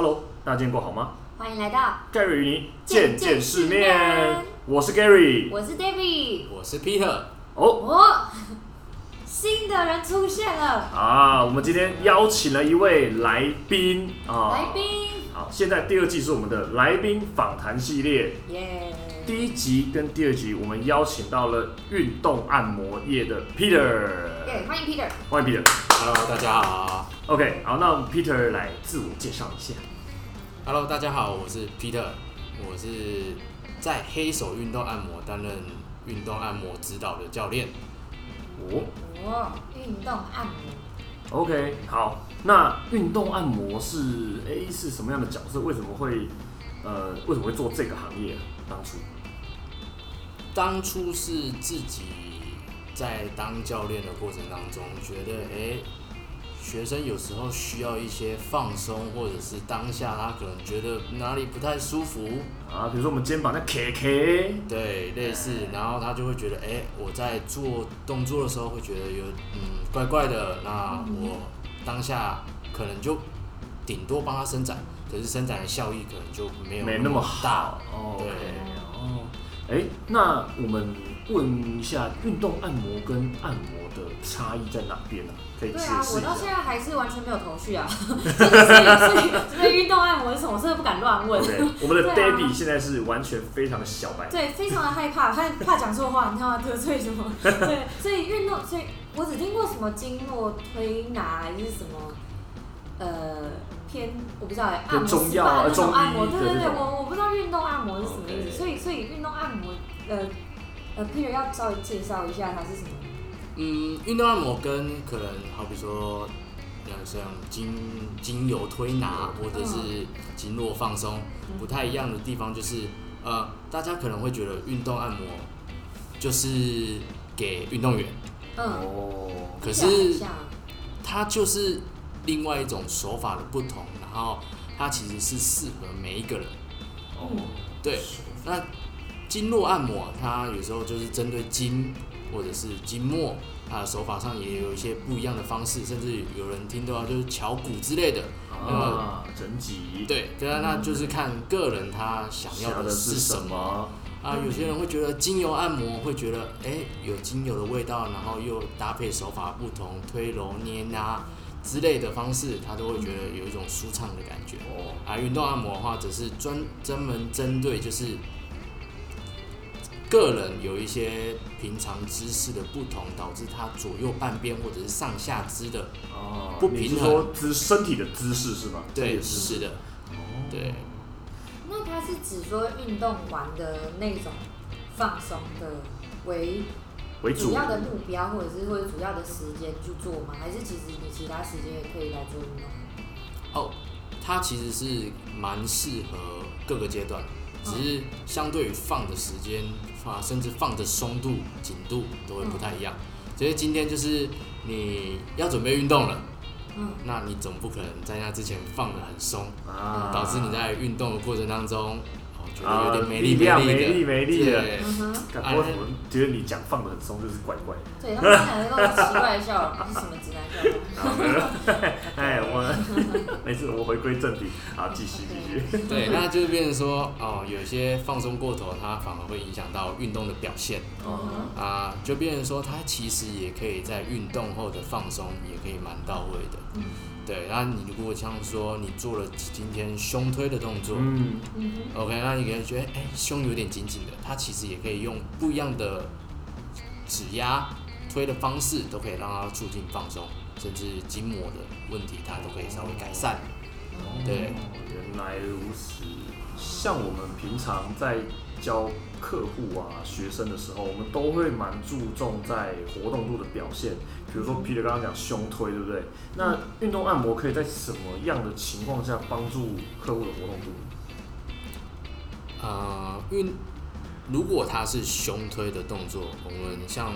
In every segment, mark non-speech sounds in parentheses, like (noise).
Hello，大家見過好嗎？歡迎來到 Gary 與你見見世面。我是 Gary，我是 David，我是 Peter。哦、oh, oh,， (laughs) 新的人出現了啊！我們今天邀請了一位來賓啊，來賓。好，現在第二季是我們的來賓訪談系列。耶、yeah.！第一集跟第二集我們邀請到了運動按摩業的 Peter。耶、yeah,，歡迎 Peter，歡迎 Peter。Hello，大家好。OK，好，那我們 Peter 來自我介紹一下。Hello，大家好，我是 Peter，我是在黑手運動按摩擔任運動按摩指導的教練。哦，哦，運動按摩。OK，好，那運動按摩是誒，是什麼樣的角色？為什麼會呃為什麼會做這個行業？當初？當初是自己在當教練的過程當中，覺得誒。學生有時候需要一些放鬆，或者是當下他可能覺得哪裡不太舒服啊，比如說我們肩膀在卡卡，對，類似，然後他就會覺得，哎、欸，我在做動作的時候會覺得有，嗯，怪怪的，那我當下可能就頂多幫他伸展，可是伸展的效益可能就沒有沒那麼大，麼好對，okay, 哦，哎、欸，那我們問一下運動按摩跟按摩。的差異在哪邊呢、啊？可以解釋一下嗎？對啊，我到現在還是完全沒有頭緒啊 (laughs) 所以！所以，所以運動按摩是什麼？我真的不敢亂問。Okay, 我們的 Daddy、啊、現在是完全非常的小白。對，非常的害怕，他怕講錯話，你知道嗎？得罪什麼？對，所以運動，所以我只聽過什麼經絡推拿還是什麼，呃，偏我不知道哎、欸，按摩、私班、呃、中藥按摩，對對對，對我我不知道運動按摩是什麼意思。Okay. 所以，所以運動按摩，呃呃，Peter 要稍微介紹一下它是什麼。嗯，運動按摩跟可能好比說，呃，像精精油推拿或者是經絡放鬆、嗯、不太一樣的地方就是，嗯、呃，大家可能會覺得運動按摩就是給運動員，哦、嗯，可是它就是另外一種手法的不同，嗯、然後它其實是適合每一個人。哦、嗯，對，那經絡按摩它有時候就是針對經。或者是筋膜啊，手法上也有一些不一樣的方式，甚至有人聽到、啊、就是敲骨之類的。啊、嗯、整脊對，對啊，那就是看個人他想要的是什麼，是什麼啊、嗯。有些人會覺得精油按摩，會覺得哎、欸、有精油的味道，然後又搭配手法不同，推揉捏拉之類的方式，他都會覺得有一種舒暢的感覺。哦，運、啊、動按摩的話，則是專專門針對就是個人有一些平常姿勢的不同，導致他左右半邊或者是上下肢的哦不平衡。哦、是身體的姿勢是嗎是？對，是的。哦、對。那他是指說運動完的那種放鬆的為為主要的目標，或者是會主要的時間去做嗎？還是其實你其他時間也可以來做運動？哦，他其實是蠻適合各個階段，只是相對於放的時間。甚至放的鬆度、緊度都會不太一樣。嗯、所以今天就是你要準備運動了嗯嗯，那你總不可能在那之前放的很鬆、啊嗯、導致你在運動的過程當中，覺得有點沒力沒力的，啊、力量沒力沒力的對，嗯、我怎麼覺得你講放的很鬆就是怪怪的，啊、對他們講的都是奇怪的笑， (laughs) 是什麼直男笑的？我回歸正題啊，繼續繼續。續 okay. (laughs) 對，那就是變成說，哦、呃，有些放鬆過頭，它反而會影響到運動的表現。哦，啊，就變成說，它其實也可以在運動後的放鬆，也可以蠻到位的。Mm -hmm. 對，那你如果像說，你做了今天胸推的動作，嗯、mm -hmm.，OK，那你可以覺得，哎、欸，胸有點緊緊的，它其實也可以用不一樣的指壓推的方式，都可以讓它促進放鬆。甚至筋膜的問題，它都可以稍微改善。對。哦，原來如此。像我們平常在教客戶啊、學生的時候，我們都會蠻注重在活動度的表現。比如說 Peter 剛剛講胸推，對不對？嗯。那運動按摩可以在什麼樣的情況下幫助客戶的活動度？呃，運如果它是胸推的動作，我們像。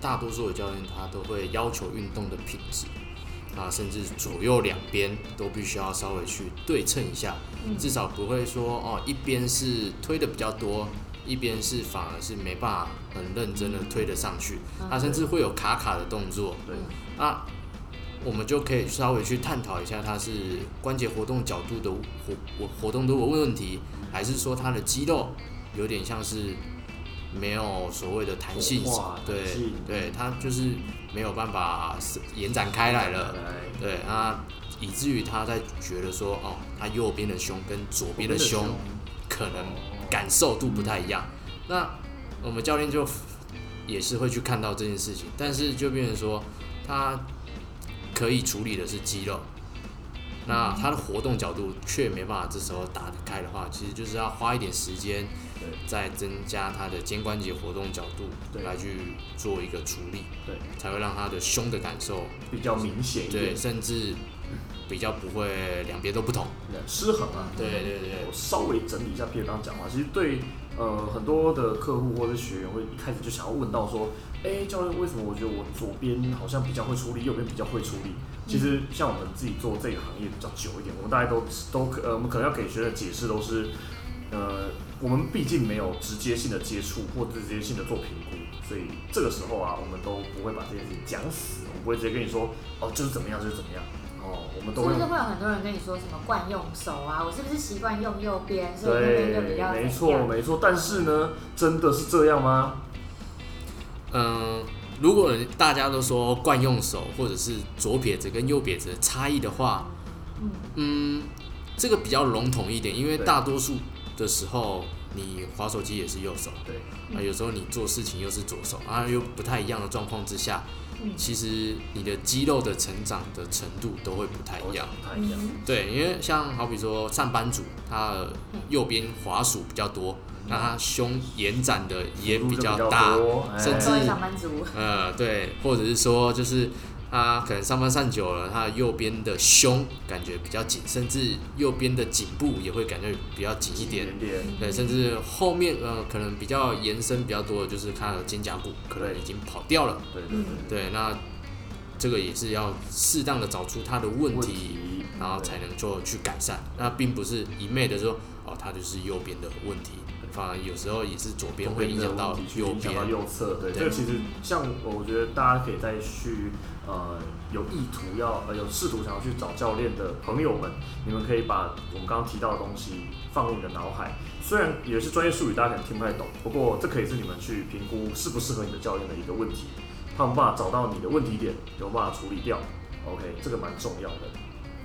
大多數的教練他都會要求運動的品質，啊，甚至左右兩邊都必須要稍微去對稱一下，嗯、至少不會說哦，一邊是推的比較多，一邊是反而是沒辦法很認真的推得上去，他、嗯啊、甚至會有卡卡的動作。對，那、嗯啊、我們就可以稍微去探討一下，他是關節活動角度的活活活動的問問題，還是說他的肌肉有點像是？沒有所謂的彈性，對，對他就是沒有辦法延展開來了，對，那以至於他在覺得說，哦，他右邊的胸跟左邊的胸可能感受度不太一樣。那我們教練就也是會去看到這件事情，但是就變成說，他可以處理的是肌肉，那他的活動角度卻沒辦法這時候打得開的話，其實就是要花一點時間。對，再增加他的肩關節活動角度，來去做一個出力，對，才會讓他的胸的感受，就是，比較明顯一點，對，甚至比較不會兩邊都不同，嗯，失衡啊。對對對，我稍微整理一下 Peter 剛剛講話，其實對呃很多的客戶或是學員，會一開始就想要問到說，哎教練，為什麼我覺得我左邊好像比較會出力，右邊比較會出力？其實像我們自己做這個行業比較久一點，嗯、我們大家都都呃，我們可能要給學員解釋都是呃。我們畢竟沒有直接性的接觸，或者直接性的做評估，所以這個時候啊，我們都不會把這件事情講死。我們不會直接跟你說，哦，就是怎麼樣，就是怎麼樣。哦，我們都會，是不是會有很多人跟你說什麼慣用手啊，我是不是習慣用右邊，所以右邊就比較怎樣？沒錯，沒錯。但是呢，真的是這樣嗎？嗯，如果大家都說慣用手或者是左撇子跟右撇子的差異的話，嗯，這個比較籠統一點，因為大多數。的時候，你滑手機也是右手，對、嗯，啊，有時候你做事情又是左手，啊，又不太一樣的狀況之下，嗯，其實你的肌肉的成長的程度都會不太一樣，不太一樣，嗯，對，因為像好比說上班族，他的右邊滑鼠比較多，那、嗯、他胸延展的也比較大，較甚至，上班族呃，對，或者是說就是。他、啊、可能上班上久了，他右邊的胸感覺比較緊，甚至右邊的頸部也會感覺比較緊一點點。對，甚至後面呃，可能比較延伸比較多的就是他的肩胛骨可能已經跑掉了。對對對對。對，那這個也是要適當的找出他的問題，然後才能做去改善。那並不是一昧的說哦，他就是右邊的問題，反而有時候也是左邊會影響到，影響到右側。對。所以、這個、其實像我覺得大家可以再去。呃，有意圖要呃有試圖想要去找教練的朋友們，你們可以把我們剛剛提到的東西放入你的腦海。雖然也是專業術語，大家可能聽不太懂，不過這可以是你們去評估適不適合你的教練的一個問題。他們有辦法找到你的問題點，有辦法處理掉。OK，這個蠻重要的。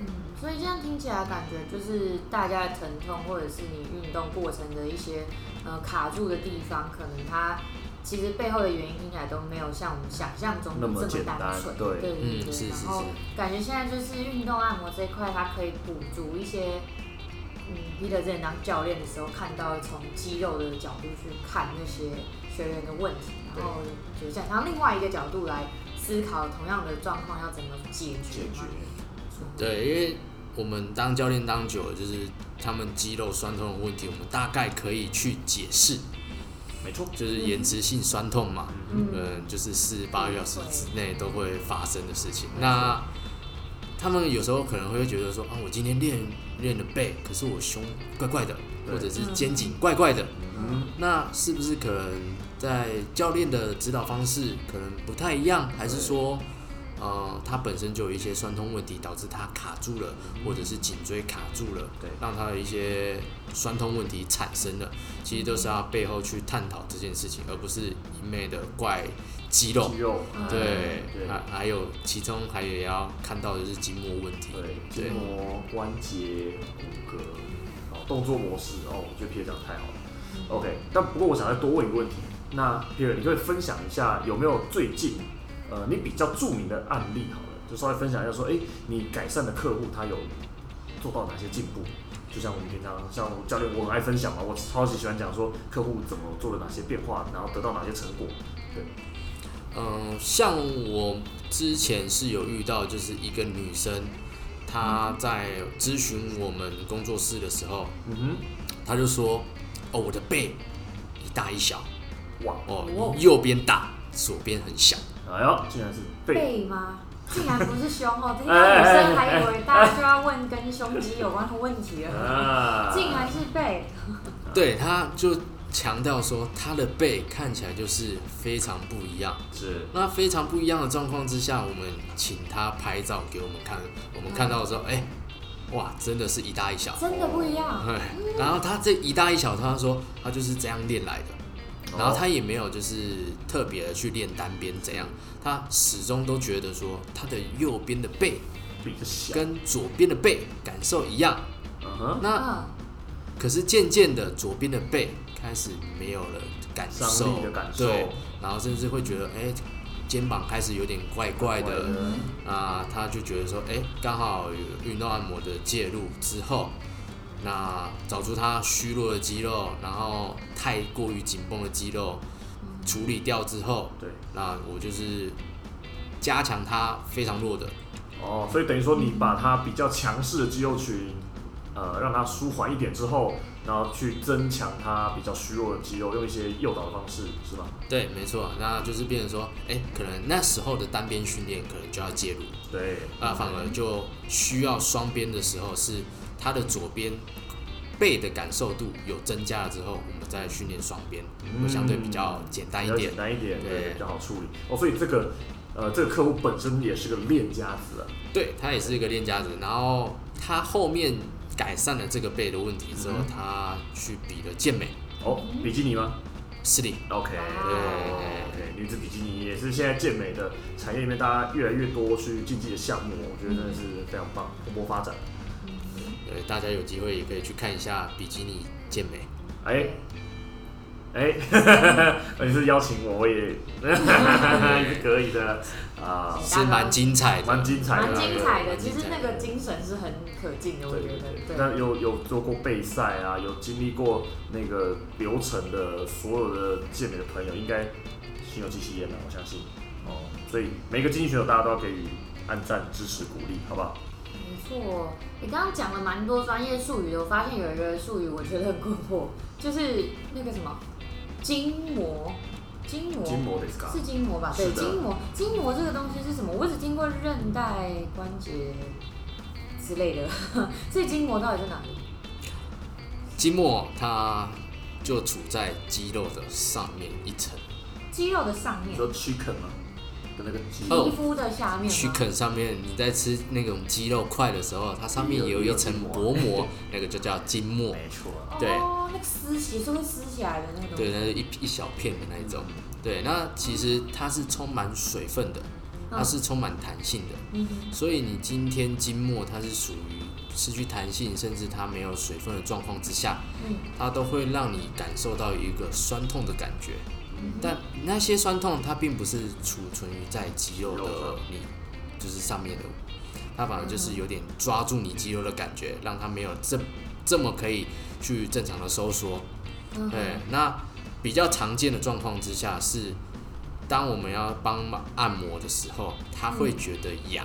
嗯，所以這樣聽起來感覺就是大家的疼痛或者是你運動過程的一些呃卡住的地方，可能他。其實背後的原因應該都沒有像我們想象中的這麼單純，對對對。嗯、對是是是，然後感覺現在就是運動按摩這一塊，它可以補足一些，是是是嗯，Peter 當教練的時候，看到從肌肉的角度去看那些學員的問題，然後就想從另外一個角度來思考同樣的狀況要怎麼解決。解決。對，因為我們當教練當久了，就是他們肌肉酸痛的問題，我們大概可以去解釋。沒錯，就是延遲性痠痛嘛，嗯，嗯嗯，就是四十八個小時之內都會發生的事情。那他們有時候可能會覺得說，啊，我今天練練的背，可是我胸怪怪的，或者是肩頸怪怪的，嗯嗯，那是不是可能在教練的指導方式可能不太一樣，還是說？呃，它本身就有一些酸痛問題，導致它卡住了，或者是頸椎卡住了，嗯、對，讓它的一些酸痛問題產生了。嗯、其實都是要背後去探討這件事情，而不是一昧的怪肌肉。肌肉，嗯、對，還、嗯啊、還有其中還也要看到的是筋膜問題。對，筋膜、關節、骨骼、動作模式。哦，我覺得 Peter 講的太好了、嗯。OK，但不過我想再多問一個問題，那 Peter，你可以分享一下有沒有最近？呃，你比較著名的案例好了，就稍微分享一下說，哎、欸，你改善的客戶他有做到哪些進步？就像我們平常像教練，我很愛分享嘛，我超級喜歡講說客戶怎麼做了哪些變化，然後得到哪些成果。對，嗯、呃，像我之前是有遇到就是一個女生，她在諮詢我們工作室的時候，嗯哼，她就說，哦，我的背一大一小，哇，哦，右邊大，左邊很小。哎呦，竟然是背，背嗎？竟然不是胸哦！ (laughs) 這些女生還以為大家就要問跟胸肌有關的問題了， (laughs) 竟然是背。對，他就強調說他的背看起來就是非常不一樣。是，那非常不一樣的狀況之下，我們請他拍照給我們看。我們看到的時候，哎、嗯，哇，真的是一大一小，真的不一樣。對、嗯。然後他這一大一小，他說他就是這樣練來的。然後他也沒有就是特別的去練單邊怎樣，他始終都覺得說他的右邊的背跟左邊的背感受一樣。那可是漸漸的，左邊的背開始沒有了感受，對，然後甚至會覺得哎、欸、肩膀開始有點怪怪的，啊，他就覺得說哎、欸、剛好有運動按摩的介入之後。那找出他虛弱的肌肉，然後太過於緊繃的肌肉處理掉之後，對，那我就是加強他非常弱的。哦，所以等於說你把他比較強勢的肌肉群，嗯、呃，讓他舒緩一點之後，然後去增強他比較虛弱的肌肉，用一些誘導的方式，是吧？對，沒錯，那就是變成說，誒，可能那時候的單邊訓練可能就要介入，對，那、呃、反而就需要雙邊的時候是。他的左邊背的感受度有增加了之後，我們再訓練雙邊會相對比較簡單一點，簡單一點對，對，比較好處理。哦，所以這個呃，這個客戶本身也是個練家子啊，對他也是一個練家子。Okay. 然後他後面改善了這個背的問題之後，他、嗯、去比了健美，哦，比基尼嗎？是的。OK，對對，女子比基尼也是現在健美的產業裡面大家越來越多去競技的項目、嗯，我覺得真的是非常棒，蓬勃發展。對，大家有機會也可以去看一下比基尼健美。哎、欸，哎、欸，嗯、 (laughs) 你是，是邀請我也，我 (laughs) 也 (laughs) 可以的啊、呃。是蠻精彩，蠻精彩的，蠻精，精，精彩的。其實那個精神是很可敬的，我覺得。那有有做過備賽啊，有經歷過那個流程的所有的健美的朋友，應該心有戚戚焉，我相信。哦，所以每個競技選手，大家都要給予按讚支持鼓勵，好不好？沒錯，你剛剛講了蠻多專業術語的。我發現有一個術語，我覺得很困惑，就是那個什麼筋膜，筋膜，筋膜的是筋膜吧？對，筋膜，筋膜這個東西是什麼？我只經過韌帶、關節之類的， (laughs) 所以筋膜到底在哪裡？筋膜它就處在肌肉的上面一層，肌肉的上面，你說雞肯嗎？那個雞皮膚的下面，去啃上面，你在吃那種雞肉塊的時候，它上面有一層薄膜， (laughs) 那個就叫筋膜。沒錯、哦，那個。對。那個撕起，說會撕起來的那種。對，那一一小片的那一種。對，那其實它是充滿水分的，它是充滿彈性的。嗯。所以你今天筋膜它是屬於失去彈性，甚至它沒有水分的狀況之下、嗯，它都會讓你感受到一個痠痛的感覺。但那些酸痛，它並不是儲存於在肌肉的你，就是上面的，它反而就是有點抓住你肌肉的感覺，讓它沒有這這麼可以去正常的收縮、嗯。對，那比較常見的狀況之下是，當我們要幫按摩的時候，他會覺得癢。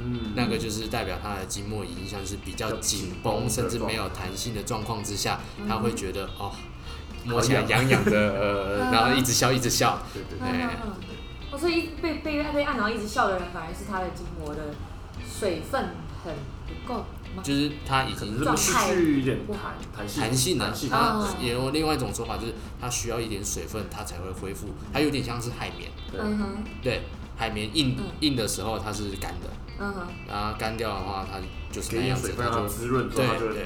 嗯，那個就是代表他的筋膜已經像是比較緊繃，甚至沒有彈性的狀況之下，他會覺得、嗯、哦。摸起來癢癢的、 (laughs) 呃，然後一直笑， (laughs) 一直笑。直笑 (laughs) 對，對，對，對，對，對對對。我說一被被被按，然後一直笑的人，反而是他的筋膜的水分很不夠，就是他已經失去一點彈彈性、啊。彈它、啊啊啊、也有另外一種說法，就是它需要一點水分，它才會恢復。它、嗯、有點像是海綿。對對。嗯海綿硬硬的時候它是乾的，嗯，然後乾掉的話它就是那樣子，非常滋潤，對對對，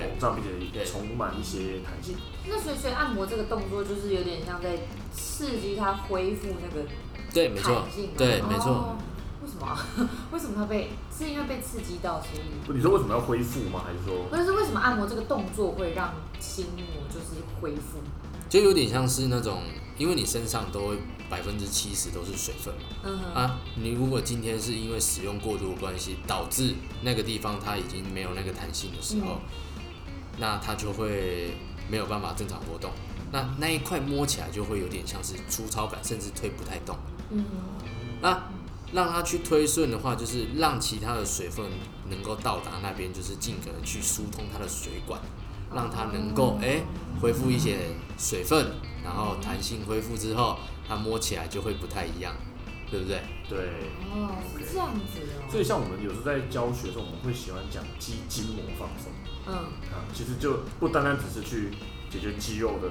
對充滿一些彈性。那所以按摩這個動作就是有點像在刺激它恢復那個對彈性，對沒錯，對沒錯。哦，為什麼啊？為什麼它被？是因為被刺激到，所以。你說為什麼要恢復嗎？還是說？不是為什麼按摩這個動作會讓筋膜就是恢復？就有點像是那種，因為你身上都百分之七十都是水分嘛、嗯，啊，你如果今天是因為使用過度的關係導致那個地方它已經沒有那個彈性的時候、嗯，那它就會沒有辦法正常波動，那那一塊摸起來就會有點像是粗糙感，甚至推不太動。嗯，那、啊、讓它去推順的話，就是讓其他的水分能夠到達那邊，就是盡可能去疏通它的水管。讓它能夠哎、欸、恢復一些水分，然後彈性恢復之後，它摸起來就會不太一樣，對不對？對，哦，是這樣子哦。所以像我們有時候在教學的時候，我們會喜歡講肌筋膜放鬆。嗯，啊、嗯，其實就不單單只是去解決肌肉的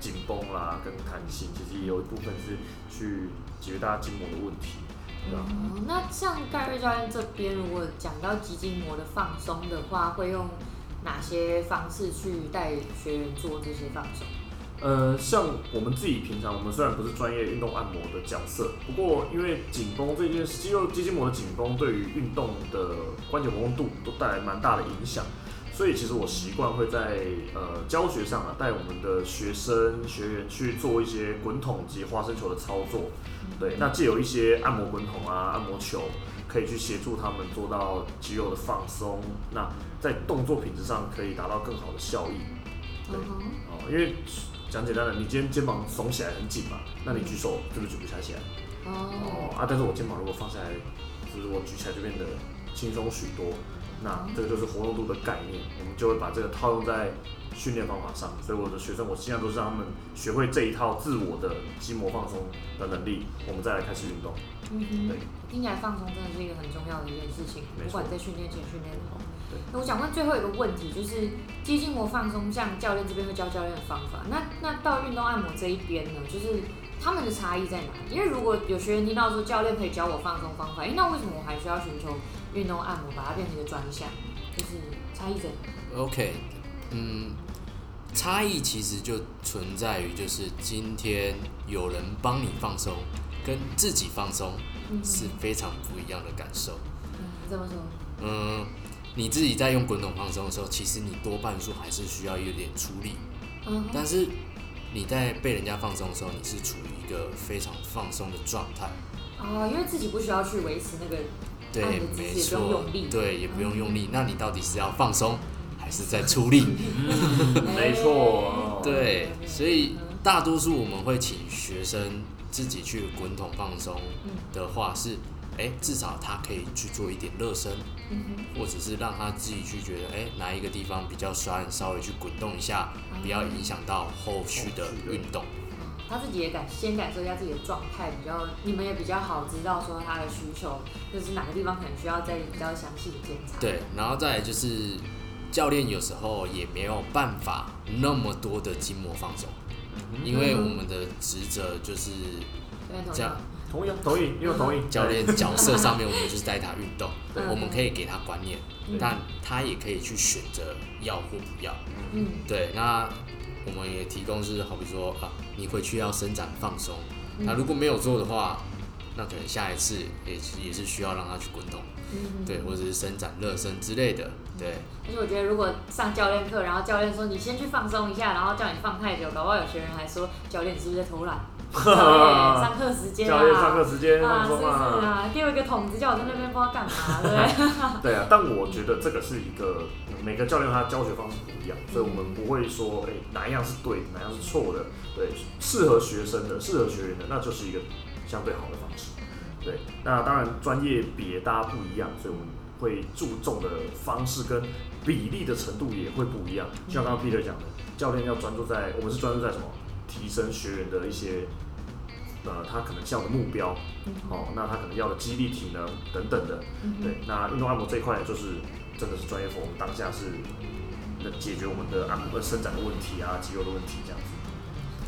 緊繃啦跟彈性，其實也有一部分是去解決大家筋膜的問題。哦、嗯，那像蓋瑞教練這邊，如果講到肌筋膜的放鬆的話，會用。哪些方式去帶學員做這些放鬆？呃，像我們自己平常，我們雖然不是專業運動按摩的角色，不過因為緊繃這件肌肉、肌筋膜的緊繃，對於運動的關節活動度都帶來蠻大的影響，所以其實我習慣會在呃教學上啊，帶我們的學生學員去做一些滾筒及花生球的操作。嗯、對，那藉由一些按摩滾筒啊，按摩球，可以去協助他們做到肌肉的放鬆，那在動作品質上可以達到更好的效益。對，uh -huh. 哦，因為講簡單的，你肩肩膀聳起來很緊嘛，那你舉手、uh -huh. 是不是舉不起來，起來。Uh -huh. 哦啊，但是我肩膀如果放下來，就是我舉起來就變得輕鬆許多。那這個就是活動度的概念，嗯、我們就會把這個套用在訓練方法上。所以我的學生，我儘量都是讓他們學會這一套自我的筋膜放鬆的能力，我們再來開始運動。嗯對，聽起來放鬆真的是一個很重要的一件事情。沒錯。不管在訓練前、訓練後。對。那我想問最後一個問題，就是肌筋膜放鬆，像教練這邊會教教練的方法，那那到運動按摩這一邊呢，就是他們的差異在哪裡？因為如果有學員聽到說教練可以教我放鬆方法，哎、欸，那為什麼我還需要尋求？運動按摩把它變成一個專項，就是差異整。O、okay, K，嗯，差異其實就存在於，就是今天有人幫你放鬆，跟自己放鬆、嗯、是非常不一樣的感受。嗯，怎麼說？嗯，你自己在用滾筒放鬆的時候，其實你多半數還是需要有點出力。嗯。但是你在被人家放鬆的時候，你是處於一個非常放鬆的狀態。哦、啊，因為自己不需要去維持那個。對，沒錯，對、嗯，也不用用力。那你到底是要放鬆，還是在出力？沒 (laughs) 錯， (laughs) 對。所以大多數我們會請學生自己去滾筒放鬆的話是，誒、嗯欸，至少他可以去做一點熱身、嗯，或者是讓他自己去覺得，誒、欸，哪一個地方比較酸，稍微去滾動一下，嗯、不要影響到後續的運動。他自己也感先感受一下自己的狀態，比較你們也比較好知道說他的需求，就是哪個地方可能需要再比較詳細的檢查。對，然後再來就是教練有時候也沒有辦法那麼多的筋膜放鬆、嗯，因為我們的職責就是這樣、嗯、同意同意又同意，教練角色上面我們就是帶他運動、嗯，我們可以給他觀念，但、嗯、他，他也可以去選擇要或不要。嗯，對，那。我們也提供是好比說啊，你回去要伸展放鬆、嗯，那如果沒有做的話，那可能下一次也也是需要讓他去滾動嗯嗯，對，或者是伸展熱身之類的，對。而且我覺得如果上教練課，然後教練說，你先去放鬆一下，然後叫你放太久，搞不好有學員還說，教練是不是在偷懶、 (laughs) 啊？教練上課時間教練上課時間啊，啊是，是啊，給我一個桶子，叫我在那邊不知道幹嘛，啊，對。 (laughs) (laughs) 對啊，但我覺得這個是一個。每個教練他的教學方式不一樣，所以我們不會說誒、欸、哪一樣是對哪樣是錯的，對，適合學生的、適合學員的，那就是一個相對好的方式。對，那當然專業別大家不一樣，所以我們會注重的方式跟比例的程度也會不一樣。嗯、像剛剛 Peter 講的，教練要專注在我們是專注在什麼？提升學員的一些呃他可能需要的目標、嗯，哦，那他可能要的肌力、體能等等的。對、嗯，那運動按摩這一塊就是。真的是專業服務，當下是能解決我們的按摩、伸展的問題啊，肌肉的問題這樣子。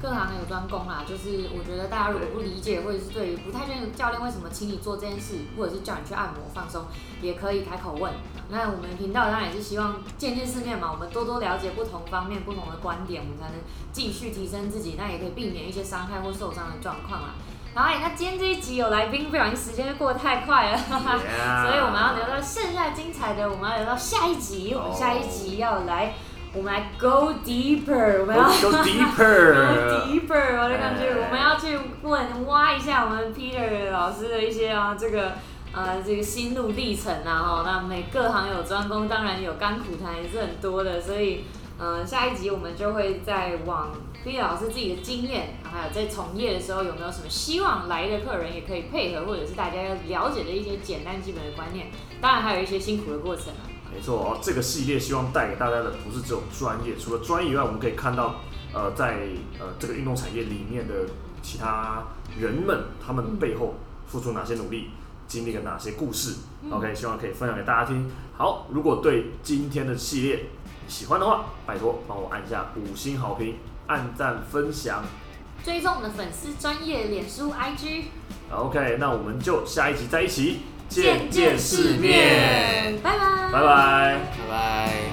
各行有專攻啦，就是我覺得大家如果不理解，或者是對於不太清楚教練為什麼請你做這件事，或者是叫你去按摩放鬆，也可以開口問。那我們頻道當然也是希望見見世面嘛，我們多多了解不同方面、不同的觀點，我們才能繼續提升自己，那也可以避免一些傷害或受傷的狀況啊。然後，那今天這一集有來賓，不小心時間過得太快了，yeah. (laughs) 所以我們要留到精彩的，我們要留到下一集。Oh. 我們下一集要來，我們來 go deeper。我們要 go, go deeper，, (laughs) go deeper 我們要去問挖一下我們 Peter 老師的一些啊，這個啊、呃、這個心路歷程啊、哦。哈，那每各行有專攻，當然有甘苦談，也是很多的，所以。嗯、呃，下一集我們就會再往 Peter 老師自己的經驗，還有在從業的時候有沒有什麼希望來的客人也可以配合，或者是大家要了解的一些簡單基本的觀念。當然，還有一些辛苦的過程、啊、沒錯、哦，這個系列希望帶給大家的不是只有專業，除了專業以外，我們可以看到，呃、在、呃、這個運動產業裡面的其他人們，他們背後付出哪些努力、嗯、經歷了哪些故事、嗯。OK，希望可以分享給大家聽。好，如果對今天的系列。喜歡的話，拜託幫我按下五星好評、按讚、分享、追蹤我們的粉絲專頁臉書 IG。OK，那我們就下一集再一起健健世面，拜拜，拜拜，拜拜。Bye bye